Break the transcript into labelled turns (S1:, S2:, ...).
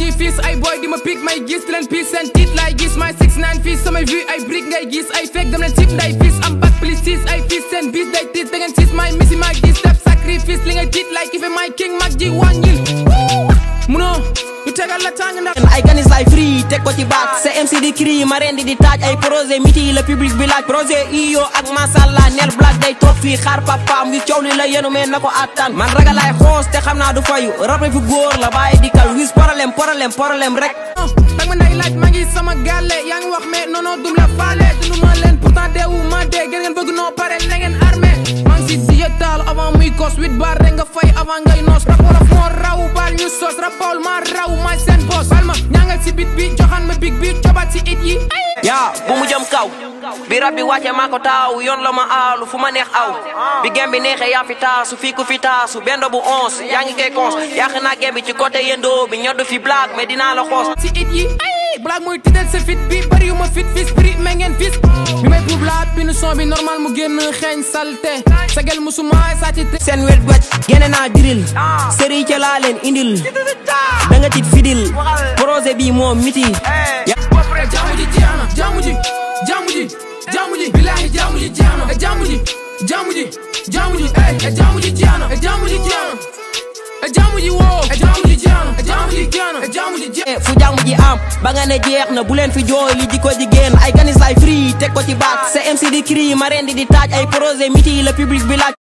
S1: i fils ay boy di my pic may gis di and piis and tiit like gis My six nine fils samay I ay brick ngay gis fake them and chip like nday i am bac plus six I fils and bis day tiis da can tease my missy my gis Step sacrifice li ngay tiit laay kife my king mag one wàññil ñu tegal la tàng na ay ganis laay free
S2: teg ko ci baat CMC di cri ma rendi di ay projet miti la public bi laaj projet iyo ak masàllaa nel black day toog fii xaar papaam wi coow li la yenu meen na ko attan man ragalaay xoos te xam naa du fayu rab fi góor la bàyyi dikal wis problème problème problème rek ah, dag ma
S1: nday laaj ma ngi sama gàlle yaa ngi wax mais nono dum la faale noos huit bar rek nga fay avant ngay noos rap ma ñaangal si bit bi joxaan ma big bi cobaat si it yi yaa bu mu jëm kaw bi rab bi wàcce maa ko taaw
S2: yoon la ma aalu fu ma neex aw bi gem bi neexee yaa fi taasu fii ku fi taasu bendo bu onze yaa ngi koy cons yàq naa gem ci côté yendoo
S1: bi ñoddu fi blague mais dinaa la xoos si it yi blague mooy tiital sa fit bi bari fit fis prix mais ngeen fis laa pinu son bi mu génn xeeñ salte sagel musumaay sàcc seen wet goj gene naa diril
S2: ah. sëriñ ca laa leen indil da tit fidil projet bi moom miti
S3: eh. jaamu ji jeex na jaamu ji jaamu ji jaamu ji billaahi jaamu eh, woo Eh, fu jàmm ji am ba
S2: nga ne jeex na bu leen fi jooy li jikko ji génn ay ganisaay free te ko ci baat CMC di cri ma rendi di taaj ay projet miti le public bi laaj